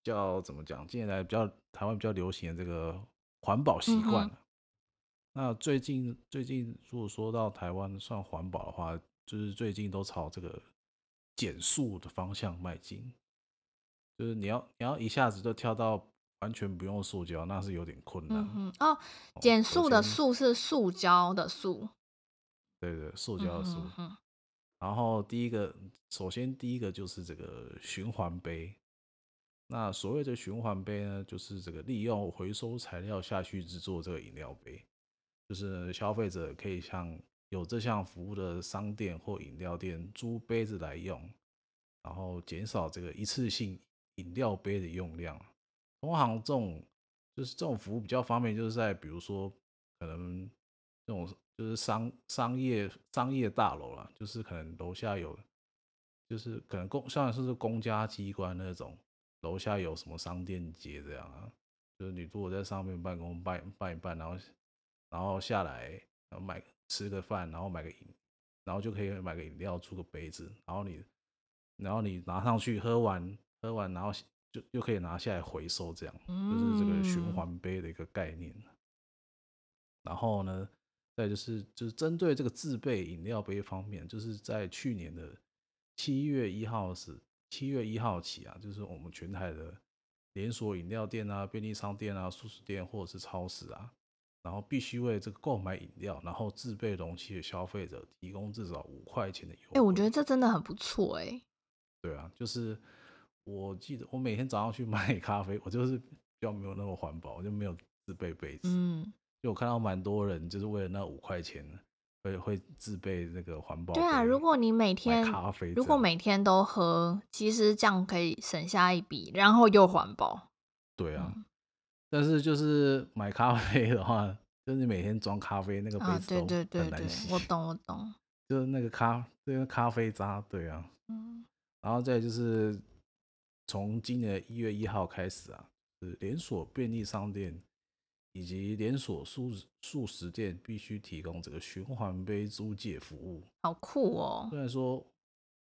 叫怎麼講？近年來比較台灣比較流行的這個環保習慣、嗯嗯、那最近最近，如果說到台灣算環保的話，就是最近都朝這個減塑的方向邁進。就是你要你要一下子就跳到完全不用塑膠，那是有點困難。嗯嗯哦，減、哦、塑的塑是塑膠的塑。對對，塑膠的書。嗯、呵呵，然後第一個，首先第一個就是這個循環杯。那所謂的循環杯呢，就是這個利用回收材料下去制作這個飲料杯，就是消費者可以向有這項服務的商店或飲料店租杯子來用，然後減少這個一次性飲料杯的用量。通常這種就是這種服務比較方便，就是在比如說可能這種。就是商商業商業大樓啦，就是可能樓下有，就是可能公，像是公家機關那種樓下有什麼商店街這樣啊，就是你如果在上面辦公辦一辦，辦一辦，然後然後下來然後買吃個飯，然後買個飲，然後就可以買個飲料，出個杯子，然後你然後你拿上去喝完喝完，然後就又可以拿下來回收，這樣就是這個循環杯的一個概念。嗯。然後呢？再就是，就是針對這個自備飲料杯方面，就是在去年的七月一號，是七月一號起啊，就是我們全台的連鎖飲料店啊、便利商店啊、速食店或者是超市啊，然後必須為這個購買飲料然後自備容器的消費者提供至少五塊錢的優惠。哎、欸，我覺得這真的很不錯哎、欸。對啊，就是我記得我每天早上去買咖啡，我就是比較沒有那麼環保，我就沒有自備杯子。嗯。有看到蠻多人就是為了那五塊錢，會會自備那個環保杯。對啊，如果你每天買咖啡，如果每天都喝，其實這樣可以省下一筆，然後又環保。對啊，嗯、但是就是買咖啡的話，就是你每天裝咖啡那個杯子，對、啊、對對對，我懂我懂，就是那個咖，就是咖啡渣，對啊，嗯，然後再就是從今年一月一號開始啊，是連鎖便利商店，以及連鎖速速食店必須提供這個循環杯租借服務，好酷哦！雖然說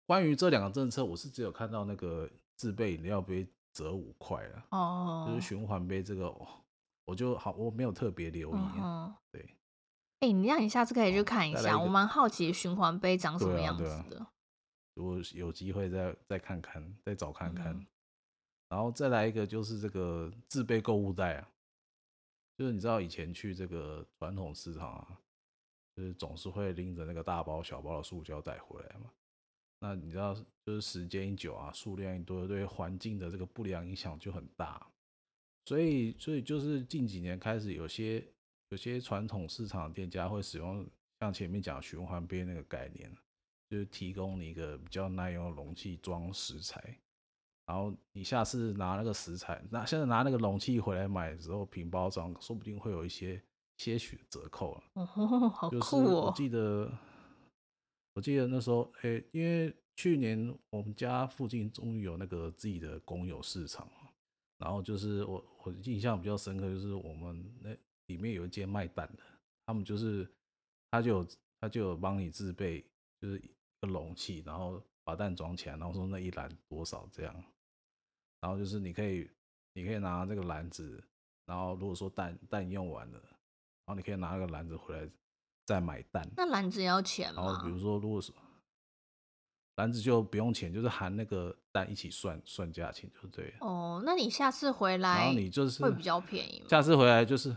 關於這兩個政策，我是只有看到那個自備飲料杯折五塊啊。哦，哦，哦，哦，就是循環杯這個我就好，我沒有特別留意。嗯、哦，對。哎、欸，你讓你下次可以去看一下，哦、一我蠻好奇循環杯長什麼樣子的。對啊對啊，如果有機會再再看看，再找看看。嗯嗯，然後再來一個就是這個自備購物袋啊。就是你知道以前去這個傳統市場啊，就是總是會拎着那個大包小包的塑膠袋回來嘛。那你知道就是時間一久啊，數量一多，對環境的這個不良影響就很大。所以，所以就是近幾年開始，有些有些傳統市場店家會使用像前面講循環杯那個概念，就是提供你一個比較耐用的容器裝食材。然後你下次拿那個食材，那現在拿那個容器回來買的時候，平包裝說不定會有一些些許折扣啊。嗯哦、就是我記得，我記得那時候，哎、欸，因為去年我們家附近終於有那個自己的公有市場，然後就是我我印象比較深刻，就是我們那裡面有一間賣蛋的，他們就是他就有他就有幫你自備，就是一個容器，然後把蛋裝起來，然後說那一籃多少這樣。然後就是你可以，你可以拿這個籃子，然後如果說蛋蛋用完了，然後你可以拿那個籃子回來再買蛋。那籃子也要錢嗎？然後比如說，如果說籃子就不用錢，就是含那個蛋一起算算價錢，就對。哦，那你下次回來，然後你就是會比較便宜。下次回來就是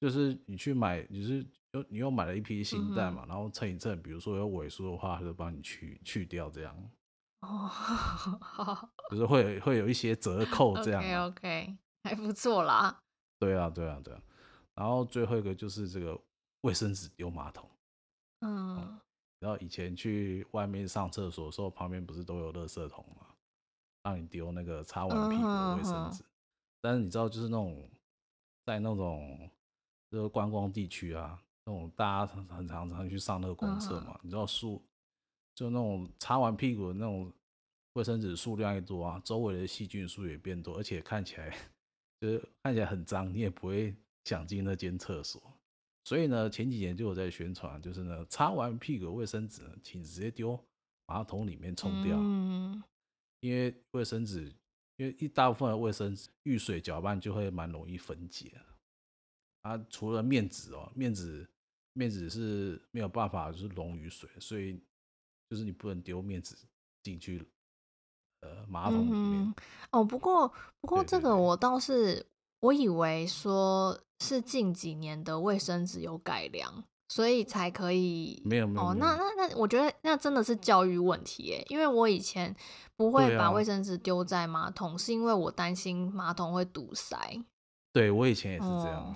就是你去買，你是你又買了一批新蛋嘛，嗯、哼然後稱一稱，比如說有尾數的話，他就幫你去去掉這樣。哦， *laughs* 就是會會有一些折扣這樣。OK OK，還不錯啦。對啊對啊對啊。啊、然後最後一個就是這個衛生紙丟馬桶。嗯。然後以前去外面上廁所的時候，旁邊不是都有垃圾桶嘛，讓你丟那個擦完屁股的衛生紙。但是你知道，就是那種在那種就是觀光地區啊，那種大家很常常去上那個公廁嘛，你知道樹。就那種擦完屁股的那種衛生紙數量一多啊，周圍的細菌數也變多，而且看起來就是看起來很髒，你也不會想進那間廁所。所以呢，前幾年就有在宣傳，就是呢擦完屁股衛生紙，請直接丟馬桶裡面沖掉，因為衛生紙，因為一大部分的衛生紙遇水攪拌就會蠻容易分解。啊，啊，除了面紙哦，面紙面紙是沒有辦法就是溶於水，所以。就是你不能丟面子進去了，呃，馬桶裡面、嗯、哦。不過，不過這個我倒是對對對對，我以為說是近幾年的衛生紙有改良，所以才可以沒有，沒有沒有。那那、哦、那，那那我覺得那真的是教育問題耶。因為我以前不會把衛生紙丟在馬桶，啊、是因為我擔心馬桶會堵塞。對，我以前也是這樣。嗯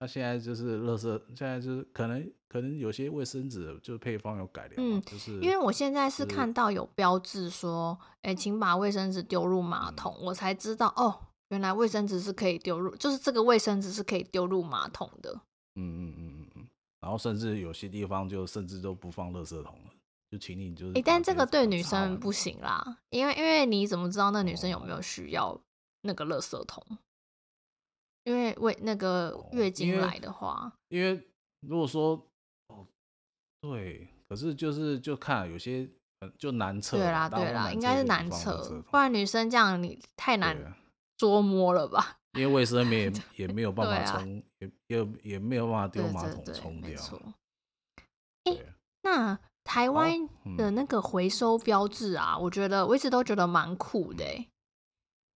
那、啊、現在就是垃圾，現在就是可能可能有些衛生紙就是配方有改良，嗯，就是因為我現在是看到有標志說，哎、欸，請把衛生紙丟入馬桶，嗯、我才知道哦，原來衛生紙是可以丟入，就是這個衛生紙是可以丟入馬桶的，嗯嗯嗯嗯嗯，然後甚至有些地方就甚至都不放垃圾桶了，就請你就是、欸，但這個標對女生不行啦，嗯、因為因為你怎麼知道那女生有沒有需要那個垃圾桶？因為為那個月經來的話，哦、因,為因為如果說、哦，對，可是就是就看有些就難測。對啦，對啦，應該是難測，不然女生這樣你太難、啊、捉摸了吧？因為衛生棉也也沒有辦法沖、 *laughs* 啊、也也也沒有辦法丟馬桶沖掉。哎，欸、對那台灣的那個回收標誌啊，哦、我覺得、嗯、我一直都覺得蠻酷的、欸，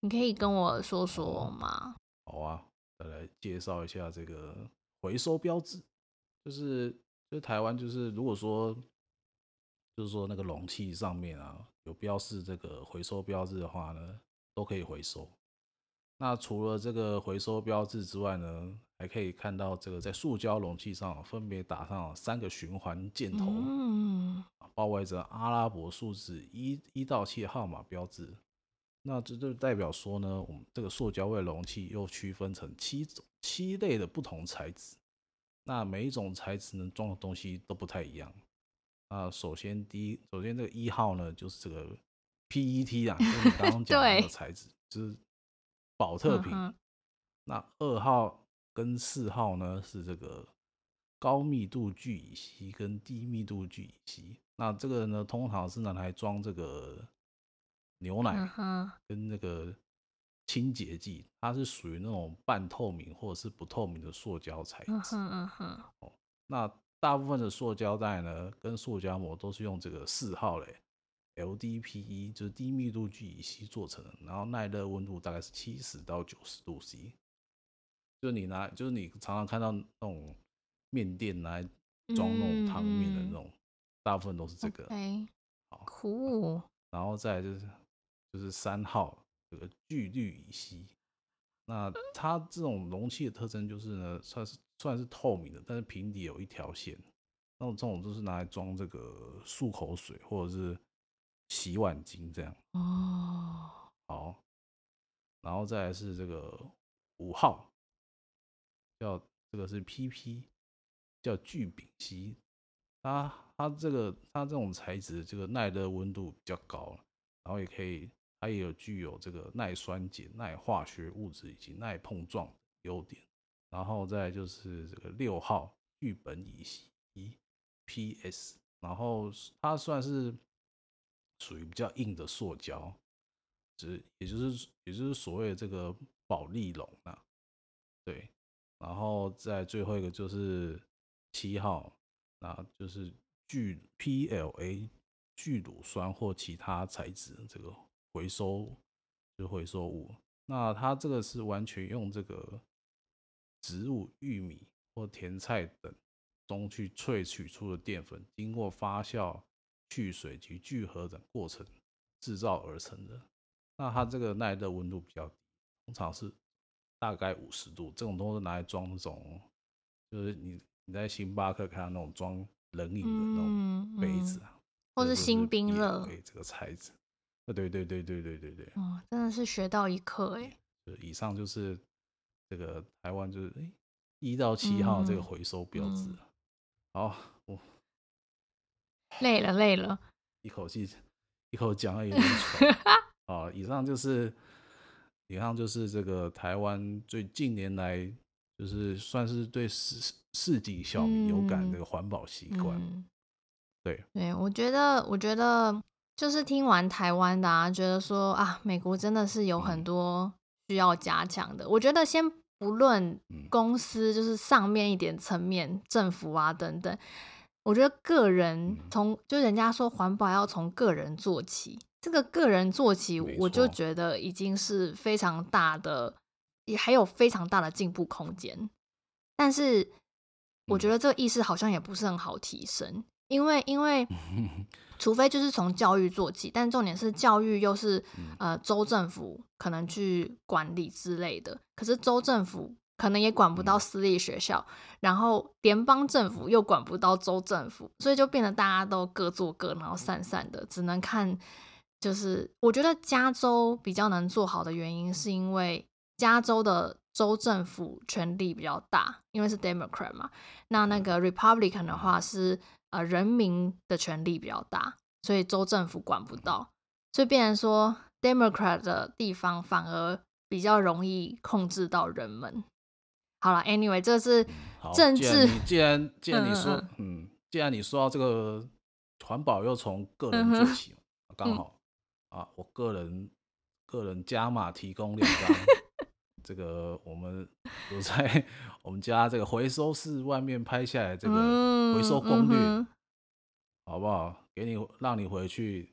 你可以跟我說說嗎？哦、好啊。來介紹一下這個回收標誌，就是，就是、台灣就是，如果說，就是說那個容器上面啊有標示這個回收標誌的話呢，都可以回收。那除了這個回收標誌之外呢，還可以看到這個在塑膠容器上分別打上三個循環箭頭，包圍着阿拉伯數字一到七號碼標誌。那這就代表說呢，我們這個塑膠味容器又區分成七種、七類的不同材質。那每一種材質能裝的東西都不太一樣。啊，首先第一，首先這個一號呢，就是這個 PET 啊，就是、你剛剛講的那個材質， *laughs* 對就是保特瓶。 *laughs* 那二號跟四號呢，是這個高密度聚乙烯跟低密度聚乙烯。那這個呢，通常是拿來裝這個。牛奶，跟那個清潔劑，uh huh. 它是屬於那種半透明或者是不透明的塑膠材質。嗯嗯嗯。Huh. Uh huh. 哦，那大部分的塑膠袋呢，跟塑膠膜都是用這個四號嘞，LDPE 就是低密度聚乙烯做成的，然後耐熱溫度大概是七十到九十度 C。就你拿，就是你常常看到那種麵店來裝那種湯麵的那種，嗯、大部分都是這個。哎，好酷。然後再就是。就是三號，這個聚氯乙烯。那它這種容器的特徵就是呢，算是算是透明的，但是瓶底有一條線。那我這種就是拿來裝這個漱口水或者是洗碗精這樣。哦，好。然後再來是這個五號，叫這個是 PP，叫聚丙烯。它它這個它這種材質，這個耐熱溫度比較高，然後也可以。它也有具有這個耐酸鹼、耐化學物質以及耐碰撞的優點，然後再就是這個六號聚苯乙烯，P.S.，然後它算是屬於比較硬的塑膠，就也就是也就是所謂的這個保麗龍啊，對。然後再最後一個就是七號，那就是聚 P.L.A. 聚乳酸或其他材質這個。回收就是、回收物，那它這個是完全用這個植物玉米或甜菜等中去萃取出的澱粉，經過發酵、去水及聚合等過程制造而成的。那它這個耐熱溫度比較低，通常是大概五十度。這種東西拿來裝那種，就是你你在星巴克看到那種裝冷飲的那種杯子啊、嗯嗯，或是星冰樂，冰這個材質。對對對對對對對，對，哦，真的是學到一課哎、欸！以上就是這個台灣，就是一到七號這個回收標誌。嗯嗯、好，我累了累了，累了一口氣一口講，還有點喘。 *laughs* 好，以上就是以上就是這個台灣最近年來就是算是對市市井小民有感的這個環保習慣。嗯嗯、對，對我覺得我覺得。就是聽完台灣的啊，覺得說啊，美國真的是有很多需要加強的。嗯、我覺得先不論公司，就是上面一點層面，嗯、政府啊等等。我覺得個人從就人家說環保要從個人做起，這個個人做起，我就覺得已經是非常大的，沒錯也還有非常大的進步空間。但是我覺得這個意識好像也不是很好提升，因為、嗯、因為。因為 *laughs* 除非就是從教育做起，但重點是教育又是呃州政府可能去管理之類的，可是州政府可能也管不到私立學校，然後聯邦政府又管不到州政府，所以就變得大家都各做各，然後散散的，只能看。就是我覺得加州比較能做好的原因，是因為加州的州政府權力比較大，因為是 Democrat 嘛。那那個 Republican 的話是。呃，人民的權力比較大，所以州政府管不到，所以變成說，Democrat 的地方反而比較容易控制到人們。好了，Anyway，這是政治。嗯、既然既然，既然你說，嗯，嗯，嗯，嗯，既然你說到這個環保又從個人做起嘛，剛、嗯、哼好啊、嗯，我個人個人加碼提供兩張， *laughs* 這個我們不在。 *laughs* 我們家這個回收室外面拍下來這個回收攻略、嗯，嗯、好不好？給你讓你回去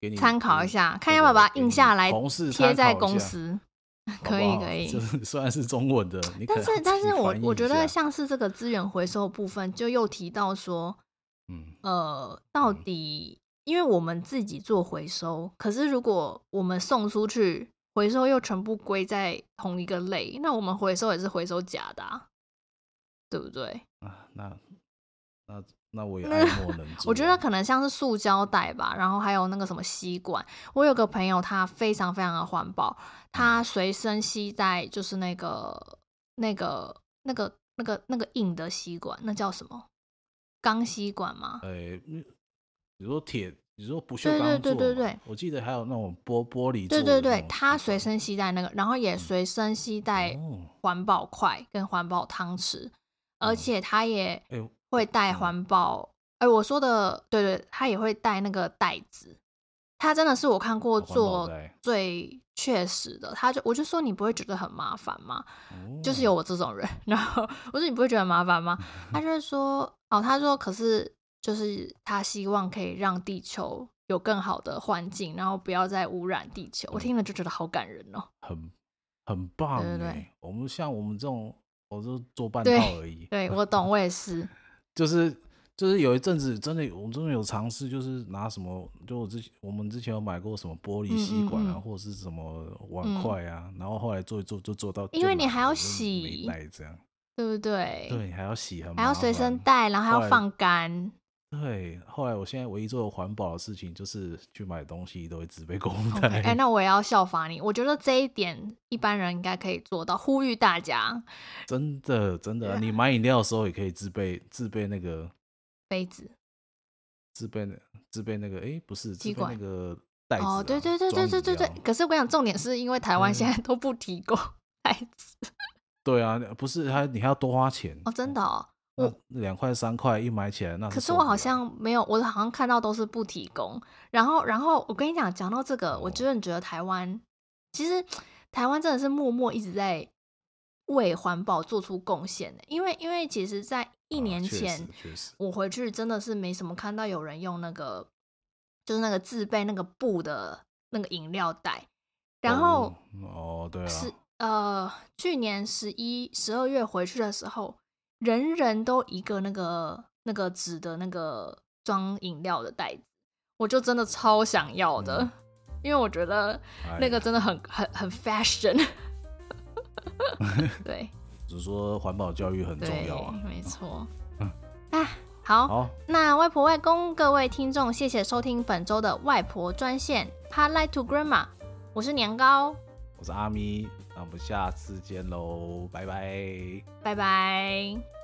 給你參考一下，嗯這個、看要不要把它印下來下，貼在公司，可以可以。就是雖然是中文的，但是但是,但是我我覺得像是這個資源回收部分，就又提到說，嗯呃，到底因為我們自己做回收，可是如果我們送出去。回收又全部歸在同一個類，那我們回收也是回收假的、啊，對不對、啊、那那，那我也愛莫能助。 *laughs* 我覺得可能像是塑膠袋吧，然後還有那個什麼吸管。我有個朋友，他非常非常的環保，他隨身攜帶就是那個、嗯、那個那個那個那個硬的吸管，那叫什麼？鋼吸管嗎？誒、欸、比如說鐵。你說不鏽鋼做的，對，對對對對對，我記得還有那種玻玻璃，對，對對對，他隨身攜帶那個，然後也隨身攜帶環保筷跟環保湯匙，嗯、而且他也會帶環保。哎，呦哎，我說的對對，他也會帶那個袋子。他真的是我看過做最確實的。他就我就說你不會覺得很麻煩嗎？嗯、就是有我這種人，然後我說你不會覺得很麻煩嗎？他就是說，哦，他說可是。就是他希望可以讓地球有更好的環境，然後不要再污染地球。對我聽了就覺得好感人哦、喔，很很棒。對，對，對我們像我們這種，我就做半套而已。對，對，我懂，我也是。 *laughs* 就是就是有一陣子真的，我們真的有嘗試，就是拿什麼，就我之前我們之前有買過什麼玻璃吸管啊，嗯嗯嗯或者是什麼碗筷啊，嗯、然後後來做一做就做到就，因為你還要洗，這樣對不對？對，你還要洗很，還要隨身帶，然後還要放乾。對，後來我現在唯一做的環保的事情就是去買東西都會自備購物袋。哎、okay,，那我也要效法你。我覺得這一點一般人應該可以做到，呼籲大家。真的，真的、啊，你買飲料的時候也可以自備自備那個杯子，自備自備那個，哎子，不是，自備那個袋館子、啊。哦，對對對對對,對對對對。可是我想重點是因為台灣現在都不提供袋子、嗯。對啊，不是，還你還要多花錢哦，真的。哦。兩塊三塊一買起來，那是可是我好像沒有，我好像看到都是不提供。然後，然後我跟你講，講到這個，哦、我真的覺得台灣，其實台灣真的是默默一直在為環保做出貢獻的。因為，因為其實，在一年前，哦、確實確實我回去真的是沒什麼看到有人用那個，就是那個自備那個布的那個飲料袋。然後，哦，哦，對啊，呃，去年十一、十二月回去的時候。人人都一個那個那個紙的那個裝飲料的袋子，我就真的超想要的，嗯、因為我覺得那個真的很很，哎，呀很 fashion。 *laughs* 對，只是說環保教育很重要啊，沒錯。啊，嗯，哎，啊，好，好，那外婆外公各位聽眾，謝謝收聽本周的外婆專線 Hotline to Grandma，我是年糕，我是阿咪。那我們下次見嘍，拜拜，拜拜。